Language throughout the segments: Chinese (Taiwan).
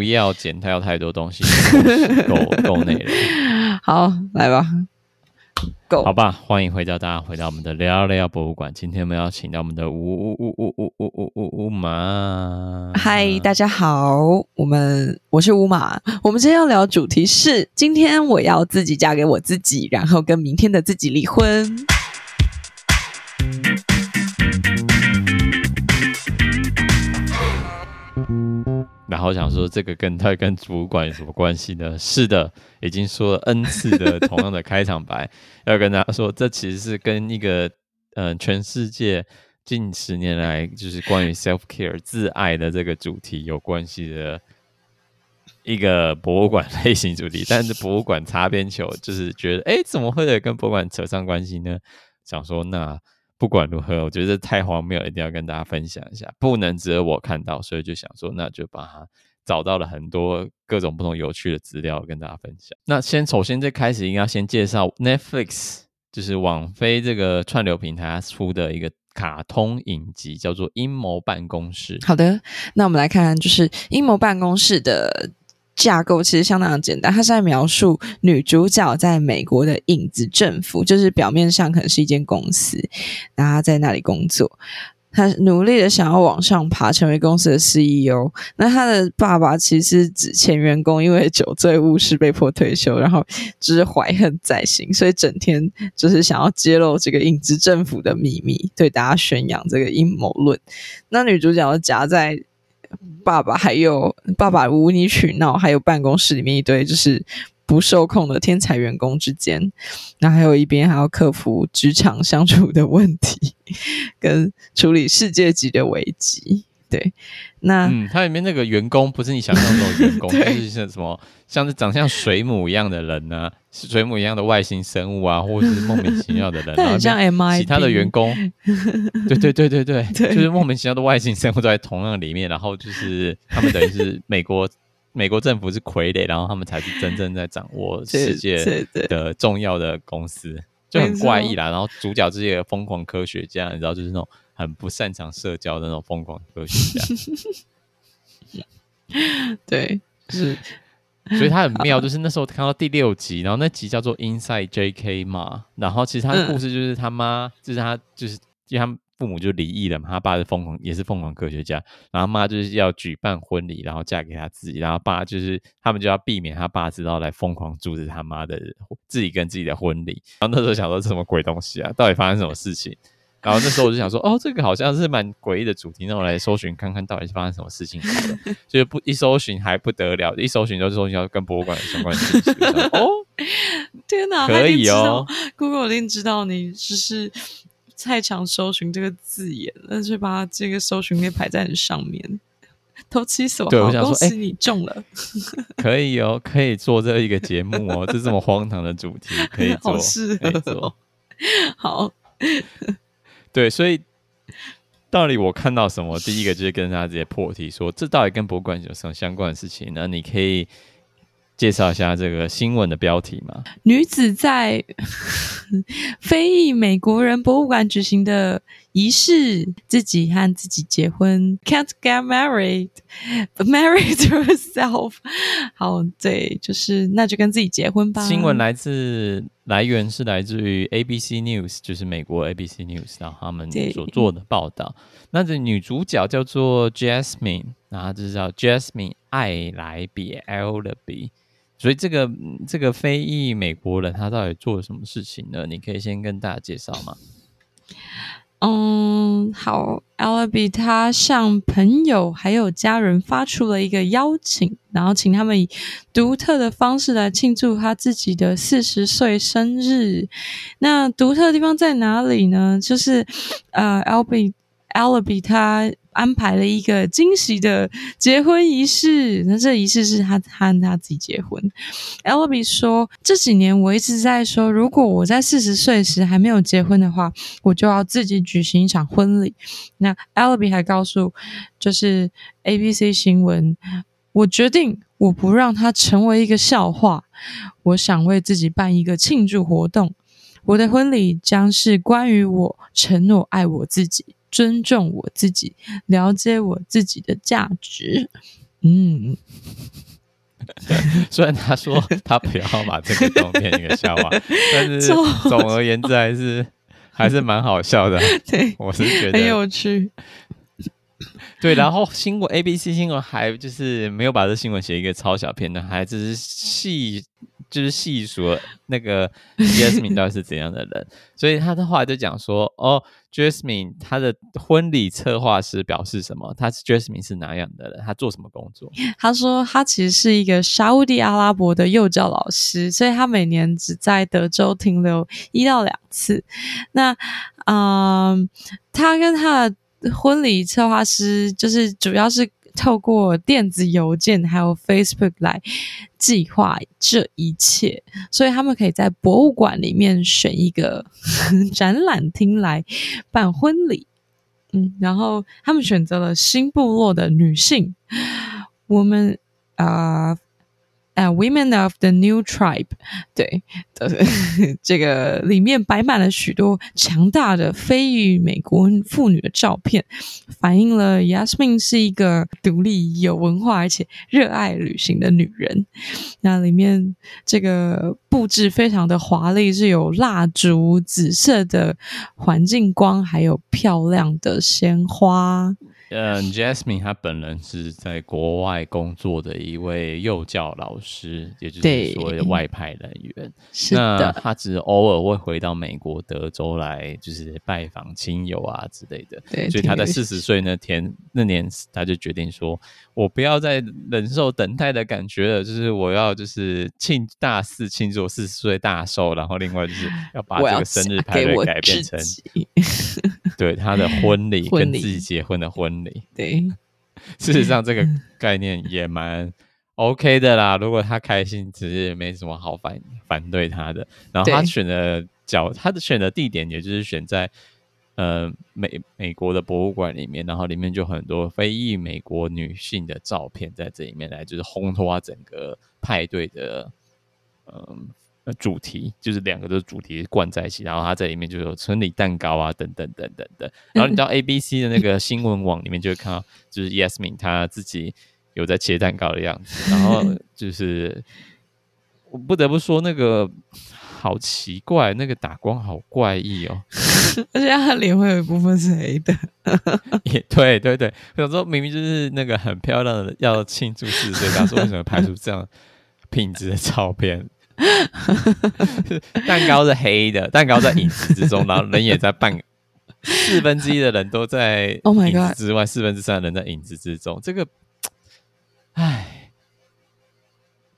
不要剪，他要太多東西，夠夠累了。 好，來吧，夠好吧？歡迎回到大家，回到我們的聊聊博物館。今天我們要請到我們的吳吳吳吳吳吳吳吳吳馬。嗨，大家好，我們我是吳馬。我們今天要聊主題是：今天我要自己嫁給我自己，然後跟明天的自己離婚。然後想說，這個跟他跟主管有什麼關係呢？是的，已經說了 n 次的同樣的開場白， 要跟他說，這其實是跟一個嗯、呃，全世界近十年來就是關於 self care 自愛的這個主題有關係的一個博物館類型主題，但是博物館擦邊球，就是覺得哎，怎麼會跟博物館扯上關係呢？想說那。不管如何，我覺得太荒謬，一定要跟大家分享一下，不能只有我看到，所以就想說，那就把它找到了很多各種不同有趣的資料跟大家分享。那先首先最開始應該要先介紹 Netflix，就是網飛這個串流平台出的一個卡通影集，叫做《陰謀辦公室》。好的，那我們來看看，就是《陰謀辦公室》的。架構其實相當的簡單，他是在描述女主角在美國的影子政府，就是表面上可能是一間公司，然後他在那裡工作，他努力的想要往上爬，成為公司的 CEO。那他的爸爸其實是前員工，因為酒醉誤事被迫退休，然後只是懷恨在心，所以整天就是想要揭露這個影子政府的秘密，對大家宣揚這個陰謀論。那女主角夾在。爸爸還有爸爸無理取鬧，還有辦公室裡面一堆就是不受控的天才員工之間，那還有一邊還要克服職場相處的問題，跟處理世界級的危機。對，那嗯，它裡面那個員工不是你想象中的員工，但 對是像什麼，像是長像水母一樣的人呢、啊，水母一樣的外星生物啊，或者是莫名其妙的人， 像 M I P 其他的員工，對對對對對， 對就是莫名其妙的外星生物都在同樣裡面，然後就是他們等於是美國 美國政府是傀儡，然後他們才是真正在掌握世界的重要的公司，就很怪異啦。 然後主角這些瘋狂科學家，你知道就是那種。很不擅長社交的那種瘋狂科學家， 對，是，所以他很妙。好就是那時候看到第六集，然後那集叫做《Inside J.K.》嘛，然後其實他的故事就是他媽，嗯、就是他，就是因為他父母就離異了嘛，他爸是瘋狂，也是瘋狂科學家，然後媽就是要舉辦婚禮，然後嫁給他自己，然後爸就是他們就要避免他爸知道來瘋狂阻止他媽的自己跟自己的婚禮。然後那時候想說這是什麼鬼東西啊？到底發生什麼事情？然後那時候我就想說，哦，這個好像是蠻詭異的主題，那我來搜尋看看到底是發生什麼事情，就是不一搜尋還不得了，一搜尋就搜尋到跟博物館相關的事情。哦，天啊，可以哦，Google 一定知道你只是太常搜尋這個字眼，那就把這個搜尋給排在你上面。投其所好，對，我想說，恭喜你中了。可以哦，可以做這一個節目哦，就這麼荒唐的主題可以做，可以做，好。對，所以到底我看到什麼？第一個就是跟大家直接破題說，這到底跟博物館有什麼相關的事情啊？那你可以，介紹一下這個新聞的標題嘛？女子在呵呵非裔美國人博物館舉行的儀式，自己和自己結婚，can't get married, but married to herself。 好，對，就是那就跟自己結婚吧。新聞來自來源是來自於 ABC News，就是美國 ABC News，然後他們所做的報道。對那這女主角叫做 Yasmin，然後就叫 Yasmin 愛來比 L 的 B。所以這個這個非裔美國人他到底做了什麼事情呢？你可以先跟大家介紹嗎？嗯，好，Eleby 他向朋友還有家人發出了一個邀請，然後請他們以獨特的方式來慶祝他自己的四十歲生日。那獨特的地方在哪裡呢？就是啊、呃、，Eleby Eleby 他。安排了一個驚喜的結婚儀式。那這儀式是他他和他自己結婚。Eleby 說：“這幾年我一直在說，如果我在四十歲時還沒有結婚的話，我就要自己舉行一場婚禮。”那 Eleby 還告訴就是 ABC 新聞：“我決定我不讓它成為一個笑話。我想為自己辦一個慶祝活動。我的婚禮將是關於我承諾愛我自己。”尊重我自己，了解我自己的價值。嗯，雖然他說他不要把這個當編一個笑話，但是總而言之還是錯還是蠻好笑的。 對我是覺得很有趣。對，然後新聞 A B C 新聞還就是沒有把這個新聞寫一個超小片的，還只是細。就是細說那個 Jasmine 到底是怎樣的人， 所以他的話就講說，哦，Jasmine 他的婚禮策劃師表示什麼？他是 Jasmine 是哪樣的人？他做什麼工作？他說他其實是一個沙烏地阿拉伯的幼教老師，所以他每年只在德州停留一到兩次。那，嗯、呃，他跟他的婚禮策劃師就是主要是。透過電子郵件還有 Facebook 來計劃這一切，所以他們可以在博物館裡面選一個展覽廳來辦婚禮。嗯，然後他們選擇了新部落的女性，我們啊。呃呃、uh,，Women of the New Tribe，對，這個裡面擺滿了許多強大的非裔美國婦女的照片，反映了 Yasmin 是一個獨立、有文化而且熱愛旅行的女人。那裡面這個布置非常的華麗，是有蠟燭、紫色的環境光，還有漂亮的鮮花。嗯呃、Yasmin 她本人是在國外工作的一位幼教老師，對也就是所謂的外派人員。是的那她只偶爾會回到美國德州來，就是拜訪親友啊之類的。對，所以她在四十歲那天對那年，她就決定說：“對我不要再忍受等待的感覺了，就是我要就是慶大四，慶祝我四十歲大壽。然後另外就是要把這個生日派對改變成。” 對他的婚禮，跟自己結婚的婚禮，對禮， 事實上這個概念也蠻 OK 的啦。 如果他開心，其實也沒什麼好反反對他的。然後他選的角，對他的選的地點，也就是選在呃美美國的博物館裡面，然後裡面就很多非裔美國女性的照片在這裡面來，就是烘托、啊、整個派對的，嗯、呃。主題就是兩個都是主題灌在一起，然後他在裡面就有婚禮蛋糕啊，等等等等等。然後你到 A B C 的那個新聞網裡面就會看到，就是 Yasmin 他自己有在切蛋糕的樣子。然後就是我不得不說，那個好奇怪，那個打光好怪異哦，而且他臉會有一部分是黑的。 也對對對，對，我想說明明就是那個很漂亮的要慶祝四十歲，但 說，為什麼拍出這樣品質的照片？ 蛋糕是黑的，蛋糕在影子之中，然後人也在半四分之一的人都在影子之外，四分之三的人在影子之中。Oh、my 這個，哎，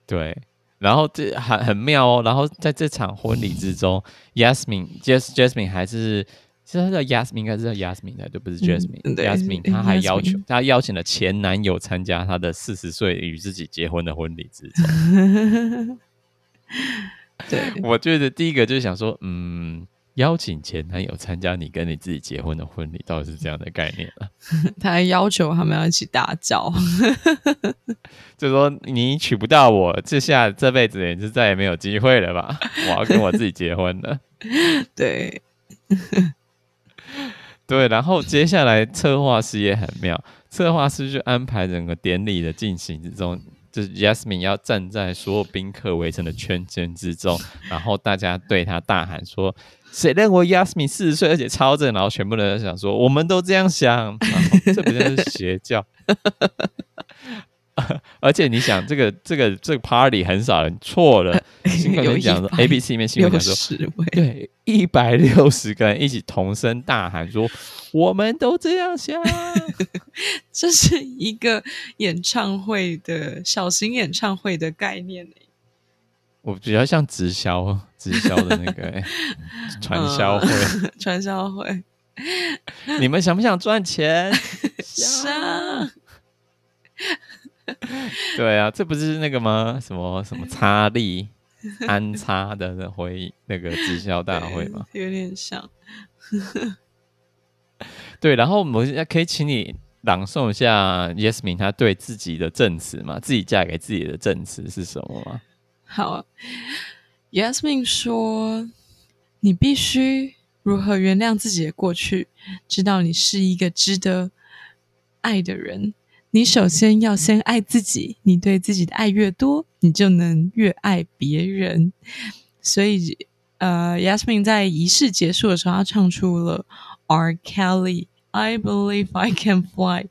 對，然後這還很妙哦。然後在這場婚禮之中 Yasmin Jasmin 還是，其實他叫 Yasmin 應該是 Yasmin，對，不是、嗯、Jasmin，Yasmin，他還要求他邀對請了前男友參加他的四十歲與自己結婚的婚禮之中。 對我覺得第一個就是想說，嗯，邀請前男友參加你跟你自己結婚的婚禮，到底是這樣的概念了？他還要求他們要一起大叫， 就說，你娶不到我，下這下這輩子也就再也沒有機會了吧？我要跟我自己結婚了。對， 對，然後接下來策劃師也很妙，策劃師就安排整個典禮的進行之中。就是 Yasmin 要站在所有賓客圍成的圈圈之中， 然後大家對他大喊說：“ 誰認為 Yasmin 四十歲而且超正？然後全部人都想說：“我們都這樣想。 啊”這不就是邪教？ 而且你想，這個這個這個 party 很少人錯了。呃、講說 A B C 裡面新光說，位對，一百六十個人一起同聲大喊說：“ 我們都這樣想。”這是一個演唱會的小型演唱會的概念。我比較像直銷，直銷的那個 傳銷會、呃，傳銷會。你們想不想賺錢？想。 對啊，這不是那個嗎？什麼什麼查理 安插的回那個直銷大會嗎？有點像。 對，然後我們可以請你朗誦一下 Yasmin 她對自己的證詞嗎，自己嫁給自己的證詞是什麼嗎？好，Yasmin 啊 Yas 說：“你必須如何原諒自己的過去，知道你是一個值得愛的人。”你首先要先愛自己，你對自己的愛越多，你就能越愛別人。所以，呃，Yasmin 在儀式結束的時候，他唱出了 R. Kelly，I believe I can fly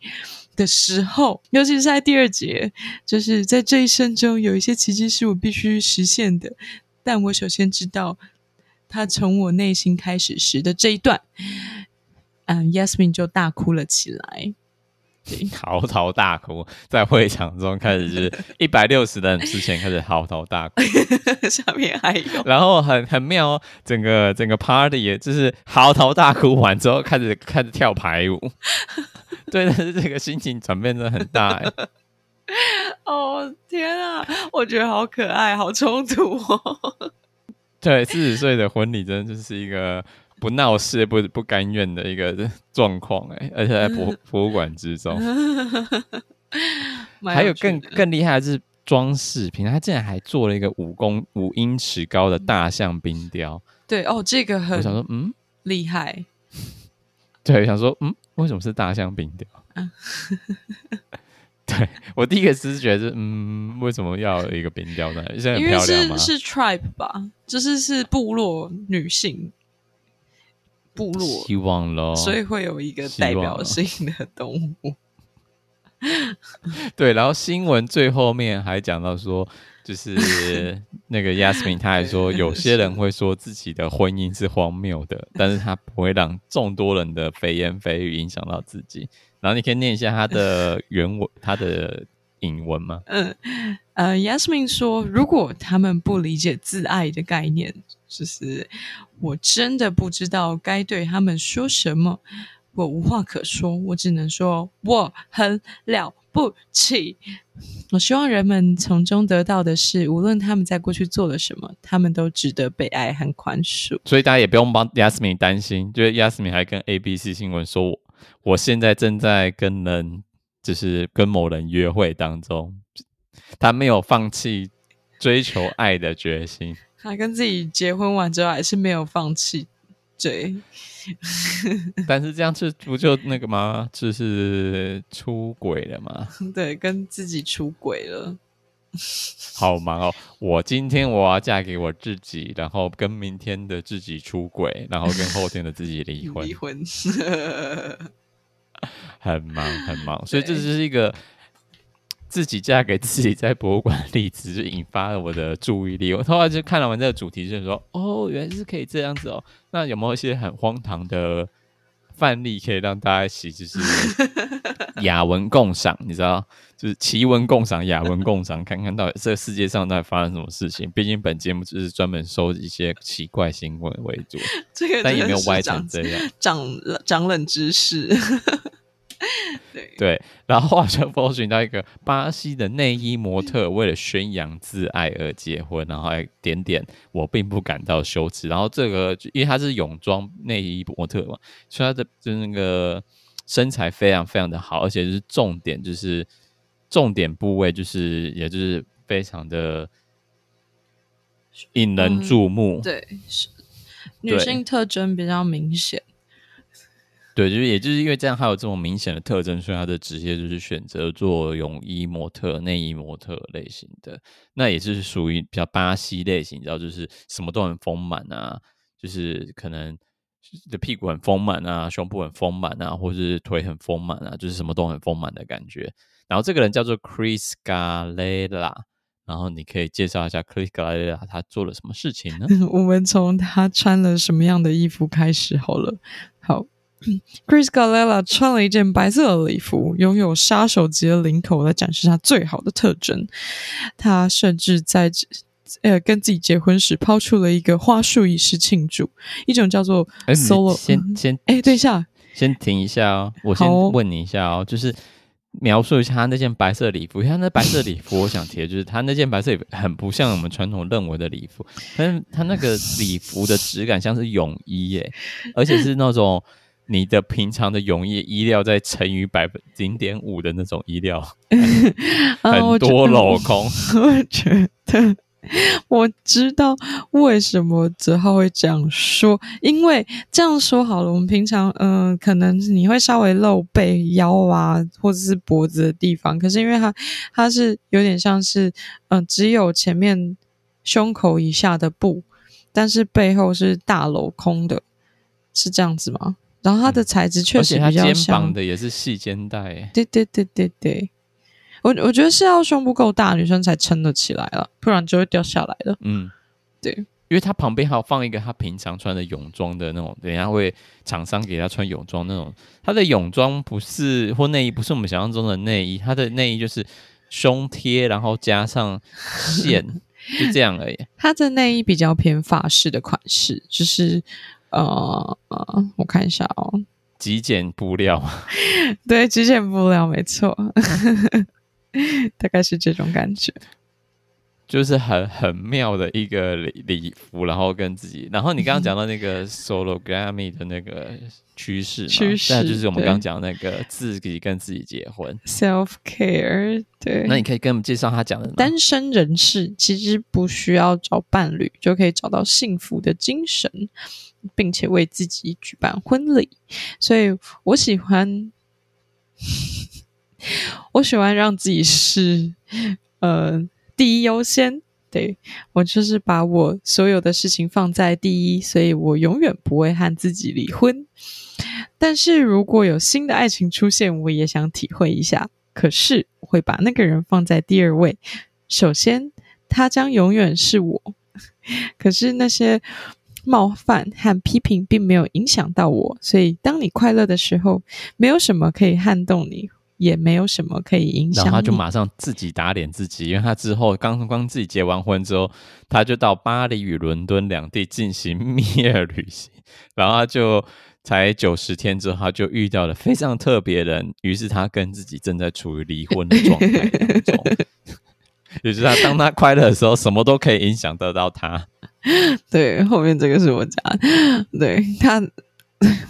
的時候，尤其是在第二節，就是在這一生中有一些奇蹟是我必須實現的，但我首先知道，他從我內心開始時的這一段，嗯，呃，Yasmin 就大哭了起來。嚎啕大哭，在會場中開始就是一百六十人之前開始嚎啕大哭。 下面還有，然後很很妙，整個整個 party 也就是嚎啕大哭完之後開始開始跳排舞， 對，但是這個心情轉變得的很大。 哦，天啊，我覺得好可愛，好衝突哦。 對，四十歲的婚禮真的就是一個不鬧事、不不甘願的一個狀況，欸，而且在博博物館之中， 有還有更更厲害的是裝飾品，他竟然還做了一個五公五英尺高的大象冰雕。嗯、對哦，這個很我想說，嗯，厲害。對，我想說，嗯，為什麼是大象冰雕？啊、 對我第一個直覺是，嗯，為什麼要一個冰雕呢？很漂亮嗎？因為是是 tribe 吧，就是是部落女性。部落，希望咯，所以會有一個代表性的動物。望 對，然後新聞最後面還講到說，就是那個 Yasmin，他還說有些人會說自己的婚姻是荒謬的，是的，但是他不會讓眾多人的蜚言蜚語影響到自己。然後你可以念一下他的原文，他的引文嗎？嗯呃，uh，Yasmin 說：“如果他們不理解自愛的概念，就是我真的不知道該對他們說什麼。我無話可說，我只能說我很了不起。我希望人們從中得到的是，無論他們在過去做了什麼，他們都值得被愛和寬恕。”所以大家也不用幫 Yasmin 擔心。就是 Yasmin 還跟 ABC 新聞說我：“我我現在正在跟人，就是跟某人約會當中。”他沒有放棄追求愛的決心。他跟自己結婚完之後，還是沒有放棄追。但是這樣子不就那個嗎？就是出軌了嗎？對，跟自己出軌了。好忙哦！我今天我要嫁給我自己，然後跟明天的自己出軌，然後跟後天的自己離婚。離力婚。 很忙，很忙。對所以這是一個。自己嫁給自己，在博物館裡，只是引發了我的注意力。我突然就看了我們這個主題，就是說，哦，原來是可以這樣子哦。那有沒有一些很荒唐的範例，可以讓大家一起就是雅文共賞？ 你知道，就是奇文共賞，雅文共賞，看看到底這個世界上在發生什麼事情？畢竟本節目就是專門收一些奇怪新聞為主，但也沒有歪成這樣，長長，長冷知識。 對，對，然後化身風，尋到一個巴西的內衣模特，為了宣揚自愛而結婚， 然後還點點我並不感到羞恥。然後這個因為她是泳裝內衣模特嘛，所以她的就是那個身材非常非常的好，而且是重點就是重點部位就是也就是非常的引人注目，嗯、對，女性特徵比較明顯。對，就是也就是因為這樣，他有這種明顯的特徵，所以他的職業就是選擇做泳衣模特、內衣模特類型的。那也是屬於比較巴西類型，你知道，就是什麼都很豐滿啊，就是可能的屁股很豐滿啊，胸部很豐滿啊，或者是腿很豐滿啊，就是什麼都很豐滿的感覺。然後這個人叫做 Chris Galera，然後你可以介紹一下 Chris Galera 他做了什麼事情呢？我們從他穿了什麼樣的衣服開始好了，好。Chris Galela 穿了一件白色的禮服，擁有殺手級的領口來展示他最好的特徵。他甚至在呃、欸、跟自己結婚時拋出了一個花束儀式慶祝。一種叫做 Solo，、欸、先先哎、欸，等一下，先停一下哦，我先問你一下哦，哦就是描述一下他那件白色禮服。他那白色禮服，我想提的就是他那件白色很不像我們傳統認為的禮服，但是他那個禮服的質感像是泳衣哎、欸，而且是那種。你的平常的泳衣衣料，在乘以百分零點五的那種衣料。 呃、很多鏤裸空。我覺得，我知道為什麼澤浩會這樣說，因為這樣說好了，我們平常嗯、呃，可能你會稍微露背腰啊，或者是脖子的地方，可是因為它它是有點像是嗯、呃，只有前面胸口以下的布，但是背後是大鏤空的，是這樣子嗎？然後它的材質確實比較香，嗯、肩膀的也是細肩帶。對對對對對，我我覺得是要胸部夠大，女生才撐得起來了，不然就會掉下來了。嗯，對，因為它旁邊還有放一個她平常穿的泳裝的那種，等一下會廠商給她穿泳裝那種。她的泳裝不是或內衣不是我們想象中的內衣，她的內衣就是胸貼，然後加上線，是 這樣而已。她的內衣比較偏法式的款式，就是。哦、uh, 我看一下哦，極簡布料， 對，極簡布料沒錯， 大概是這種感覺，就是很很妙的一個禮、禮服，然後跟自己，然後你剛剛講到那個 sologamy 的那個趨勢嘛，趨勢就是我們剛剛講那個自己跟自己結婚，self-care，對，那你可以跟我們介紹他講的單身人士其實不需要找伴侶就可以找到幸福的精神。並且為自己舉辦婚禮，所以我喜歡， 我喜歡讓自己是呃第一優先。對我就是把我所有的事情放在第一，所以我永遠不會和自己離婚。但是如果有新的愛情出現，我也想體會一下。可是我會把那個人放在第二位。首先，他將永遠是我。可是那些。冒犯和批評並沒有影響到我，所以當你快樂的時候，沒有什麼可以撼動你，也沒有什麼可以影響。然後他就馬上自己打臉自己，因為他之後剛剛自己結完婚之後，他就到巴黎與倫敦兩地進行蜜月旅行，然後他就才九十天之後，他就遇到了非常特別的人，於是他跟自己正在處於離婚的狀態中。 也就是他，當他快樂的時候， 什麼都可以影響得到他。對，後面這個是我講的。對，他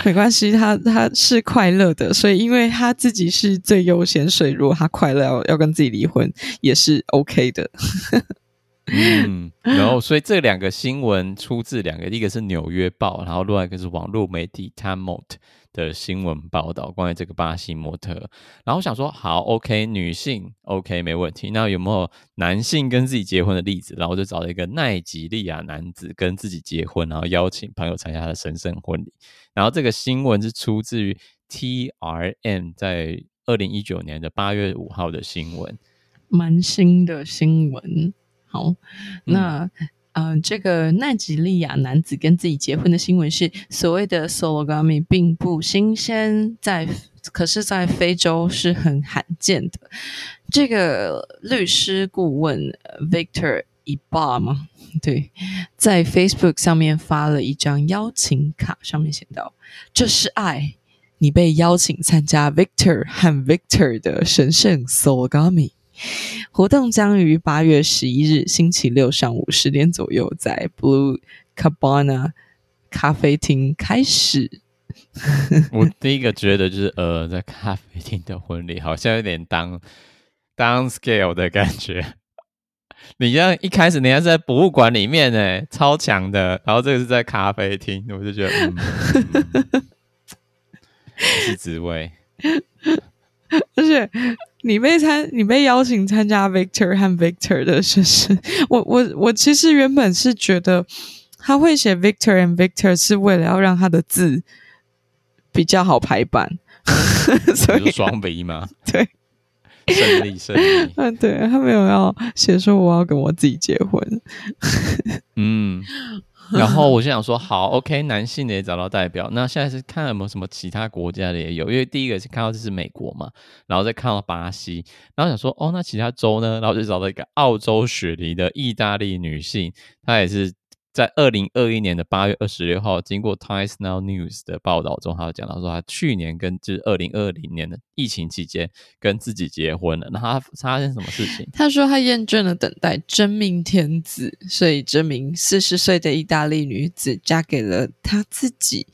沒關係，他他是快樂的，所以因為他自己是最優先，所以如果他快樂，要要跟自己離婚也是 OK 的。 嗯，然後、 no, 所以這兩個新聞出自兩個，一個是《紐約報》，然後另外一個是網絡媒體《Time Out》的新聞報道，關於這個巴西模特。然後想說，好，OK，女性 OK 沒問題，那有沒有男性跟自己結婚的例子？然後我就找了一個奈及利亞男子跟自己結婚，然後邀請朋友參加他的神聖婚禮。然後這個新聞是出自於 T R M 在二零一九年的八月五號的新聞，蠻新的新聞。好，那嗯、呃、這個奈及利亞男子跟自己結婚的新聞是所謂的 sologamy 並不新鮮，在可是在非洲是很罕見的。這個律師顧問 Victor 一 b 嘛，嗎？對，在 Facebook 上面發了一張邀請卡，上面寫道：“這是愛，你被邀請參加 Victor 和 Victor 的神聖 sologamy。”活動將於八月十一日星期六上午十點左右在 Blue Cabana 咖啡廳開始。 我第一個覺得就是，呃，在咖啡廳的婚禮好像有點 down, downscale 的感覺。你像一開始你要在博物館裡面，呢，超強的，然後這個是在咖啡廳，我就覺得嗯，嗯 是職位，而且。你被參，你被邀請參加《Victor 和 Victor》的婚事。我我我，我其實原本是覺得他會寫《Victor and Victor》是為了要讓他的字比較好排版， 所以雙他 V 嗎？對，勝利勝利。嗯，對他沒有要寫說我要跟我自己結婚。 嗯。 然後我就想說好，好，OK，男性也找到代表。那現在是看了有沒有什麼其他國家的也有，因為第一個是看到這是美國嘛，然後再看到巴西，然後想說，哦，那其他州呢？然後就找到一個澳洲雪梨的意大利女性，她也是。在二零二一年的八月二十六號，經過 Times Now News 的報道中，他有講到說，他去年跟至二零二零年的疫情期間跟自己結婚了。那他發生什麼事情？他說他厭倦了等待真命天子，所以這名四十歲的意大利女子嫁給了他自己。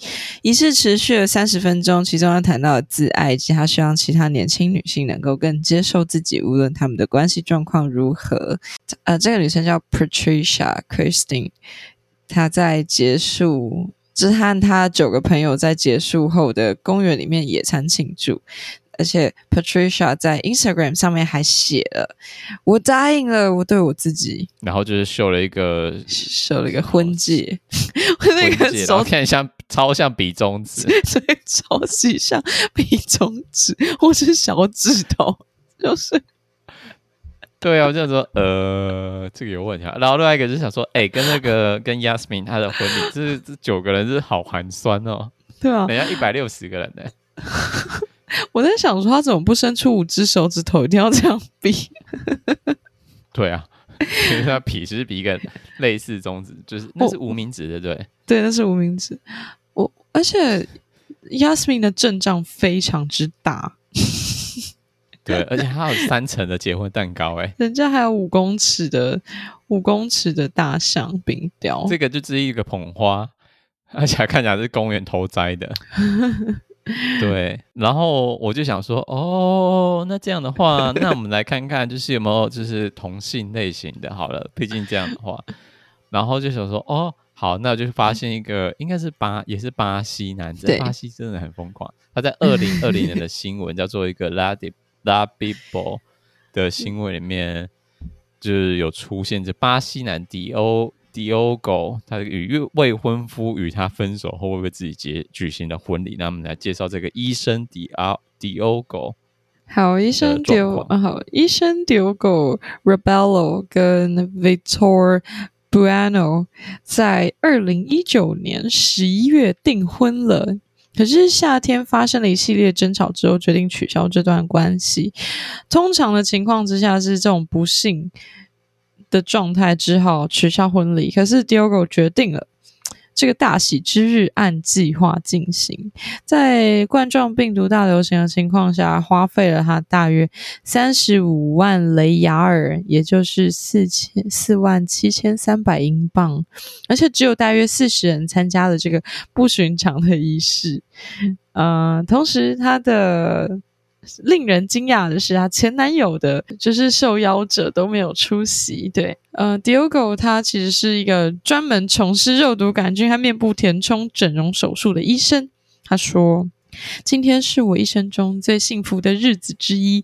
儀式持續了三十分鐘，其中他談到了自愛，以及他希望其他年輕女性能夠更接受自己，無論他們的關係狀況如何。呃，這個女生叫 Patricia Christine。他在結束，就是他和他九個朋友在結束後的公園裡面野餐慶祝，而且 Patricia 在 Instagram 上面還寫了：“我答應了我對我自己。”然後就是秀了一個秀了一個婚戒，那個手看像超像比中指，所以超級像比中指或是小指頭，就是。對啊，我就想說，呃，這個有問題啊。然後另外一個就是想說，哎，跟那個跟 Yasmin 他的婚禮， 這這九個人是好寒酸哦。對啊，人家一百六十個人呢，欸。我在想說，他怎麼不伸出五隻手指頭，一定要這樣比？ 對啊，他比只是比一個類似中指，就是我那是無名指，對不對？對，那是無名指。我而且 Yasmin 的陣仗非常之大。對，而且他有三層的結婚蛋糕，哎，人家還有五公尺的五公尺的大象冰雕，這個就是一個捧花，而且還看起來是公園偷摘的。 對，然後我就想說，哦，那這樣的話，那我們來看看，就是有沒有就是同性類型的，好了，畢竟這樣的話，然後就想說，哦，好，那我就發現一個，嗯、應該是巴也是巴西男子，對巴西真的很瘋狂，他在二零二零年的新聞叫做一個拉丁。拉比博的新聞裡面，就是有出現，這巴西男迪歐迪歐狗，他與未婚夫與他分手後，會不會自己結舉行的婚禮？那我們來介紹這個醫生迪歐迪歐狗。好，醫生迪歐，啊，好，醫生迪歐狗。Rebello 跟 Vitor Bueno 在二零一九年十一月訂婚了。可是夏天發生了一系列爭吵之後，決定取消這段關係。通常的情況之下是這種不幸的狀態，只好取消婚禮，可是 Diogo 決定了。這個大喜之日按計劃進行，在冠狀病毒大流行的情況下，花費了他大約三十五萬雷亞爾，也就是四千四萬七千三百英鎊，而且只有大約四十人參加了這個不尋常的儀式。嗯、呃，同時他的。令人驚訝的是，她前男友的，就是受邀者都沒有出席。對，呃，Diogo 他其實是一個專門從事肉毒桿菌和面部填充整容手術的醫生。他說：“今天是我一生中最幸福的日子之一。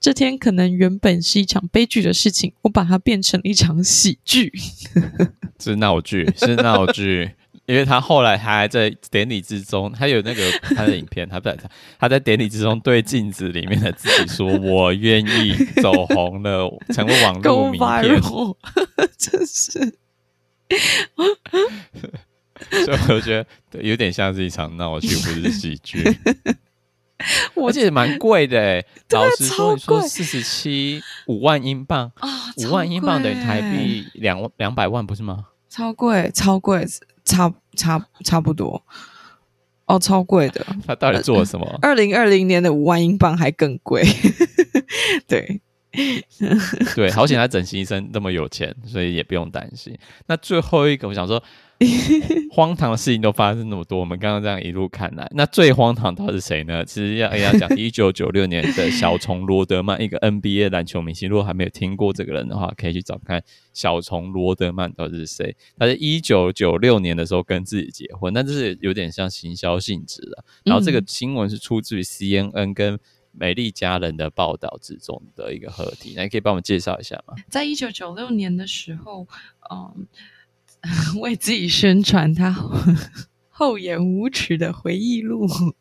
這天可能原本是一場悲劇的事情，我把它變成了一場喜劇。 ”是鬧劇，是鬧劇。 因為他後來還在典禮之中，他有那個他的影片。 他不在他他在典禮之中對鏡子裡面的自己說：“ 我願意走紅了，成為網絡名片。”夠真是。 所以我覺得有點像是一場鬧劇，去不是喜劇。覺 得蠻貴的， 對老實說，你說四十七五萬英鎊啊，哦、五萬英鎊等於台幣兩兩百萬，不是嗎？超貴，超貴。差差差不多，哦，超貴的。他到底做了什麼？二零二零年的五萬英鎊還更貴， 對。 對，好險他整形醫生那麼有錢，所以也不用擔心。那最後一個，我想說、嗯，荒唐的事情都發生那麼多，我們剛剛這樣一路看來，那最荒唐的是誰呢？其實要要講一九九六年的小蟲羅德曼， 一個 NBA 籃球明星。如果還沒有聽過這個人的話，可以去找看小蟲羅德曼到底是誰。他在一九九六年的時候跟自己結婚，那這是有點像行銷性質的。然後這個新聞是出自於 CNN 跟、嗯。美麗佳人的報道之中的一個合體，那你可以幫我們介紹一下嗎？在一九九六年的時候，嗯，為自己宣傳他厚顏無恥的回憶錄《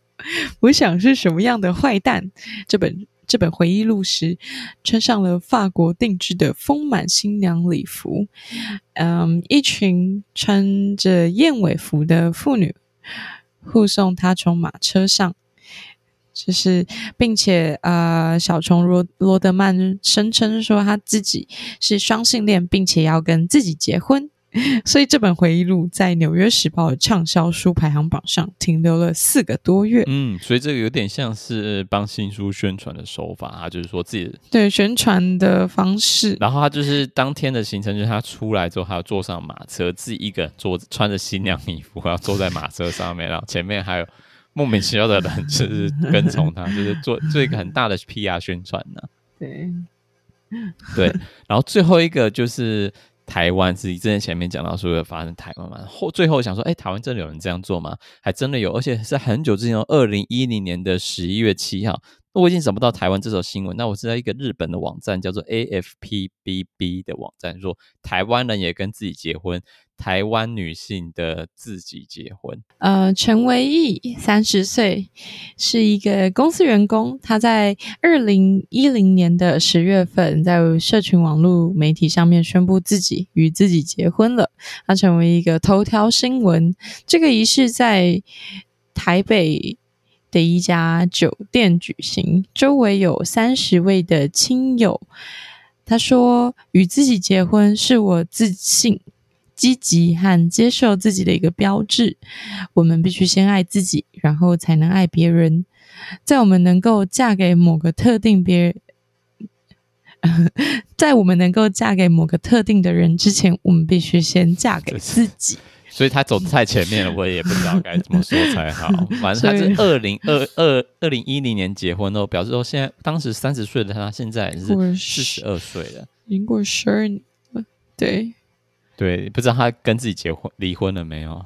我想是什麼樣的壞蛋》這本這本回憶錄時，穿上了法國定製的豐滿新娘禮服，嗯，一群穿着燕尾服的婦女護送他從馬車上。就是，並且，呃，小蟲羅羅德曼聲稱說他自己是雙性戀，並且要跟自己結婚，所以這本回憶錄在《紐約時報》暢銷書排行榜上停留了四個多月。嗯，所以這個有點像是幫新書宣傳的手法啊，他就是說自己對宣傳的方式。然後他就是當天的行程，就是他出來之後，他要坐上馬車，自己一個人坐，穿着新娘禮服，然後坐在馬車上面，然後前面還有。莫名其妙的人就是跟從他，就是做做一個很大的 PR 宣傳呢、啊。對，對。然後最後一個就是台灣，是之前前面講到說會發生台灣嘛。後最後想說，哎、欸，台灣真的有人這樣做嗎？還真的有，而且是很久之前，二零一零年的十一月七號。我已經找不到台灣這首新聞。那我是在一個日本的網站叫做 AFPBB 的網站，說台灣人也跟自己結婚，台灣女性的自己結婚。呃，陳維義，三十歲，是一個公司員工。他在二零一零年的十月份，在社群網絡媒體上面宣布自己與自己結婚了。他成為一個頭條新聞。這個儀式在台北。第一家酒店舉行，周圍有三十位的親友。他說：“與自己結婚是我自信、積極和接受自己的一個標誌。我們必須先愛自己，然後才能愛別人。在我們能夠嫁給某個特定別、呃，在我們能夠嫁給某個特定的人之前，我們必須先嫁給自己。”所以他走的太前面了，我也不知道該怎麼說才好。反正他是二零二二二零一零年結婚的，表示說現在當時三十歲的他，現在是四十二歲了。已經過了十二年了對對，不知道他跟自己結婚離婚了沒有？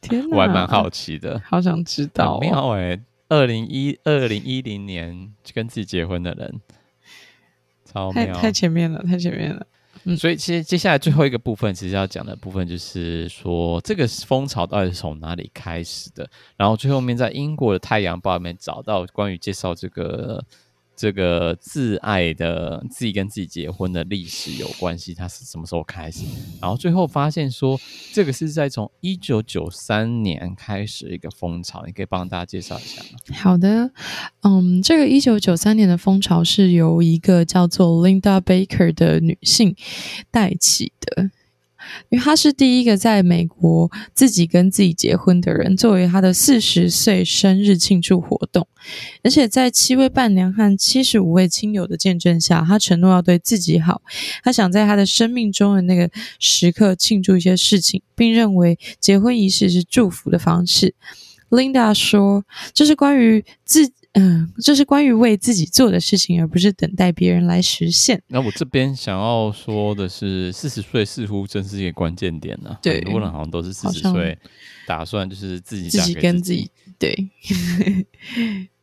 天哪！我還蠻好奇的，好想知道。妙哎，二零一二零一零年跟自己結婚的人，超妙！太前面了，太前面了。嗯，所以，其實接下來最後一個部分，其實要講的部分就是說，這個風潮到底是從哪裡開始的？然後，最後面在英國的太陽報裡面找到關於介紹這個。這個自愛的自己跟自己結婚的歷史有關係，它是什麼時候開始？然後最後發現說，這個是在從一九九三年開始一個風潮，你可以幫大家介紹一下嗎？好的，嗯，這個一九九三年的風潮是由一個叫做 Linda Baker 的女性帶起的。因為他是第一個在美國自己跟自己結婚的人，作為他的四十歲生日慶祝活動，而且在七位伴娘和七十五位親友的見證下，他承諾要對自己好。他想在他的生命中的那個時刻慶祝一些事情，並認為結婚儀式是祝福的方式。Linda 說：“這是關於自己。”嗯，就是關於為自己做的事情，而不是等待別人來實現。那我這邊想要說的是，四十歲似乎真是一個關鍵點呢、啊。對，很多人好像都是四十歲，嗯、打算就是自己嫁給自己，自己跟自己對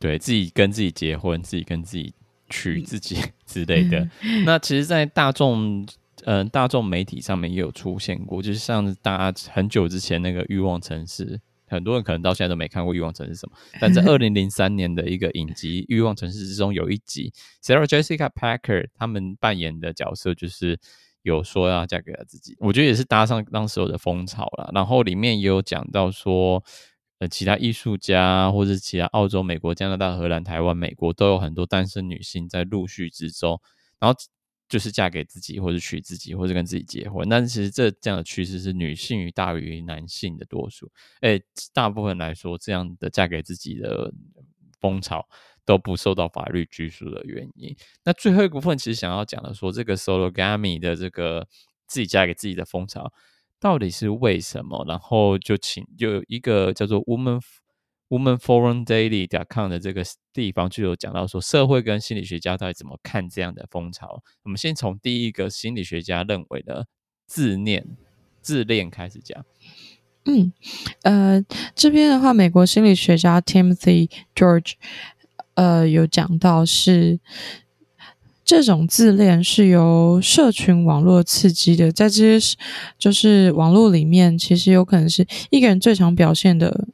對自己跟自己結婚，自己跟自己娶自己之類的。嗯、那其實，在大眾嗯、呃、大眾媒體上面也有出現過，就是像是大家很久之前那個慾望城市。很多人可能到現在都沒看過《欲望城市》是什麼，但在二零零三年的一個影集《欲望城市》之中，有一集 Sarah Jessica Parker 他們扮演的角色就是有說要嫁給他自己，我覺得也是搭上當時我的風潮了。然後裡面也有講到說，呃，其他藝術家或者其他澳洲、美國、加拿大、荷蘭、台灣、美國都有很多單身女性在陸續之中，然後。就是嫁給自己，或者娶自己，或者跟自己結婚。但是其實這這樣的趨勢是女性於大於男性的多數。誒，大部分來說，這樣的嫁給自己的風潮都不受到法律拘束的原因。那最後一部分其實想要講的說，說這個 sologamy 的這個自己嫁給自己的風潮到底是為什麼？然後就請就有一個叫做 woman。Woman Foreign Daily. 點 com 的這個地方就有講到說，社會跟心理學家到底怎麼看這樣的風潮。我們先從第一個心理學家認為的自戀、自戀開始講。嗯，呃，這邊的話，美國心理學家 Timothy George，呃，有講到是這種自戀是由社群網絡刺激的，在這些、就是、就是網絡裡面，其實有可能是一個人最常表現的。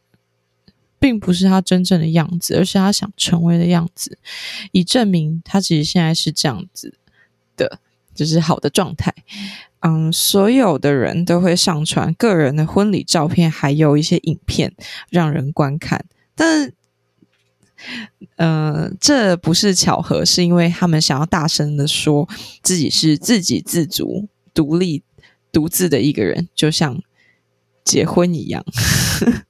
並不是他真正的樣子，而是他想成為的樣子，以證明他其實現在是這樣子的，就是好的狀態。嗯，所有的人都會上傳個人的婚禮照片，還有一些影片讓人觀看。但呃，嗯，這不是巧合，是因為他們想要大聲的說自己是自給自足、獨立、獨自的一個人，就像結婚一樣。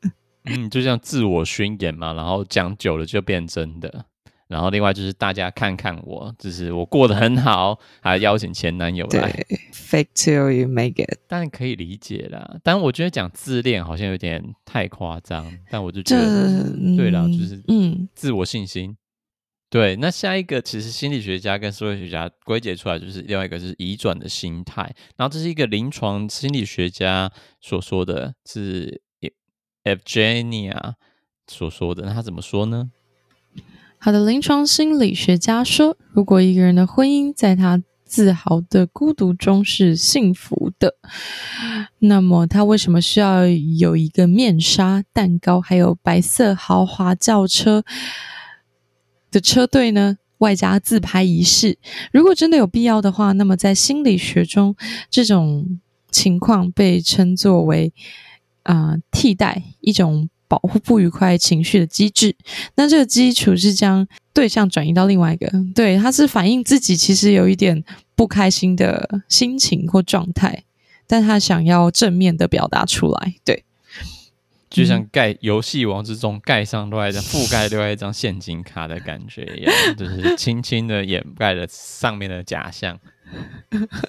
嗯，就像自我宣言嘛，然後講久了就變真的。然後另外就是大家看看我，就是我過得很好，還邀請前男友來。對，fake till you make it。但可以理解啦，但我覺得講自戀好像有點太誇張。但我就覺得、嗯、對啦，就是嗯，自我信心。嗯、對，那下一個其實心理學家跟社會學家歸結出來就是另外一個就是移轉的心態。然後這是一個臨床心理學家所說的，是。Evgenia 啊，所說的，那他怎麼說呢？好的，臨床心理學家說，如果一個人的婚姻在他自豪的孤獨中是幸福的，那麼他為什麼需要有一個面紗、蛋糕，還有白色豪華轎車的車隊呢？外加自拍儀式。如果真的有必要的話，那麼在心理學中，這種情況被稱作為。啊、呃，替代，一種保護不愉快情緒的機制。那這個基礎是將對象轉移到另外一個，對，他是反映自己其實有一點不開心的心情或狀態，但他想要正面的表達出來，對。就像蓋遊戲王之中蓋上另外一張、覆蓋另外一張陷阱卡的感覺一樣， 就是輕輕的掩蓋了上面的假象。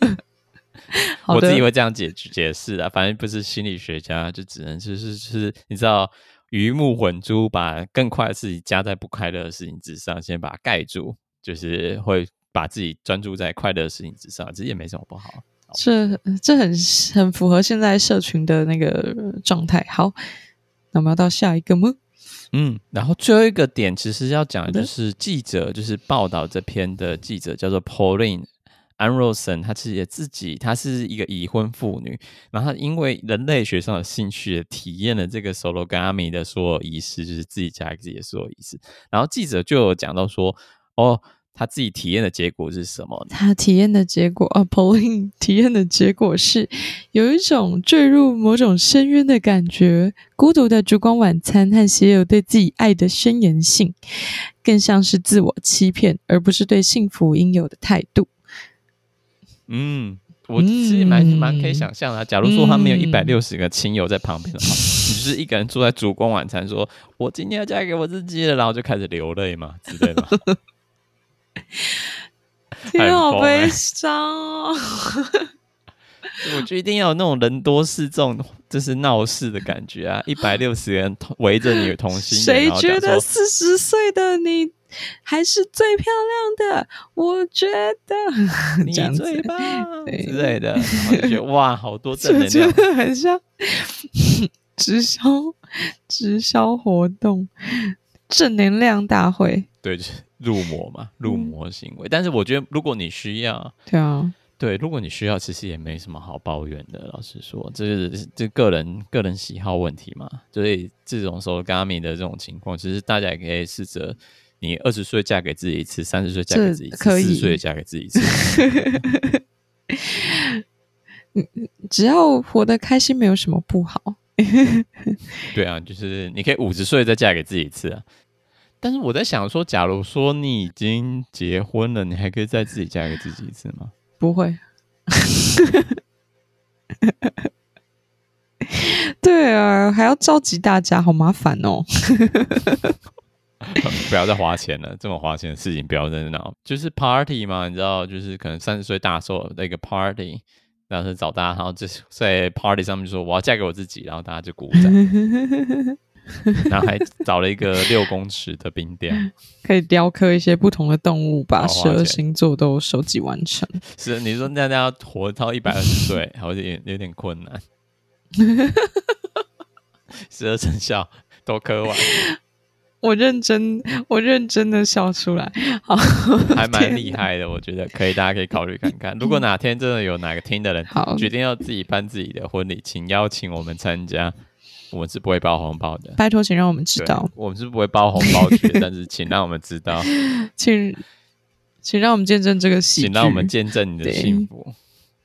我自己會這樣解解釋啊，反正不是心理學家，就只能就是就是，你知道魚目混珠，把更快的事情加在不快樂的事情之上，先把它蓋住，就是會把自己專注在快樂的事情之上，其實也沒什麼不好。這，這很很符合現在社群的那個狀態。好，那我們要到下一個嗎？嗯，然後最後一個點其實要講的就是記者，的就是報道這篇的記者叫做 Pauline。安 n 森他自己也自己，他是一個已婚婦女，然後他因為人類學上的興趣，體驗了這個 solo 跟阿米的所有儀式，就是自己家自己的所有儀式。然後記者就有講到說：“哦，他自己體驗的結果是什麼呢？”他體驗的結果啊、哦、，Polin g 體驗的結果是有一種墜入某種深淵的感覺，孤獨的燭光晚餐和寫有對自己愛的宣言信，更像是自我欺騙，而不是對幸福應有的態度。嗯，我其實蠻蠻可以想象的、啊。假如說他沒有一百六十個親友在旁邊的話，嗯，就是一個人坐在燭光晚餐說，說 我今天要嫁給我自己了，然後就開始流淚嘛，對嗎？天， 好悲傷哦！ 我就一定要有那種人多勢眾。這是鬧事的感覺啊！一百六十人圍着你同心的，誰覺得四十歲的你還是最漂亮的？我覺得你最棒之類的，我覺得哇，好多正能量，很像直銷直銷活動正能量大會，對，就是、入魔嘛，入魔行為。嗯、但是我覺得，如果你需要，對啊。對，如果你需要，其實也沒什麼好抱怨的。老實說，這是這是個人個人喜好問題嘛。所以這種時候，Gami 的這種情況，其實大家也可以試着：你二十歲嫁給自己一次，三十歲嫁給自己一次，四十歲嫁給自己一次。 只要活得開心，沒有什麼不好。 對啊，就是你可以五十歲再嫁給自己一次啊。但是我在想說，假如說你已經結婚了，你還可以再自己嫁給自己一次嗎？不會， 對啊，還要召集大家，好麻煩哦！ 不要再花錢了，這麼花錢的事情不要在這鬧。就是 party 嘛，你知道，就是可能三十歲大壽那個 party，然後是找大家，然後就是在 party 上面說我要嫁給我自己，然後大家就鼓掌。 然後還找了一個六公尺的冰雕，可以雕刻一些不同的動物，嗯、把十二星座都收集完成。哦、是你是說大家要活到一百二十歲， 好像有，有點困難。十二生肖都刻完， 我認真，嗯、我認真的笑出來。好，還蠻厲害的，天哪，我覺得可以，大家可以考慮看看。嗯、如果哪天真的有哪個聽的人，好決定要自己辦自己的婚禮，請邀請我們參加。我們是不會包紅包的，拜託，請讓我們知道。我們是不會包紅包的， 但是請讓我們知道，請，請讓我們見證這個喜，請讓我們見證你的幸福，對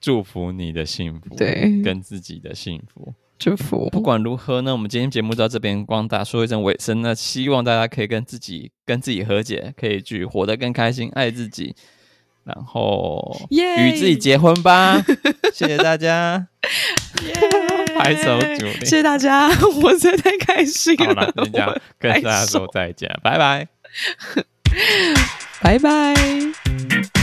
祝福你的幸福，對，跟自己的幸福祝福。不管如何呢，我們今天節目到這邊光大說一聲尾聲呢，希望大家可以跟自己跟自己和解，可以去活得更開心，愛自己，然後與 Yeah! 自己結婚吧。 謝謝大家。 Yeah! 拍手鼓勵謝謝大家， 我實在太開心了。好了我 跟大家說再見，受拜拜， 拜拜。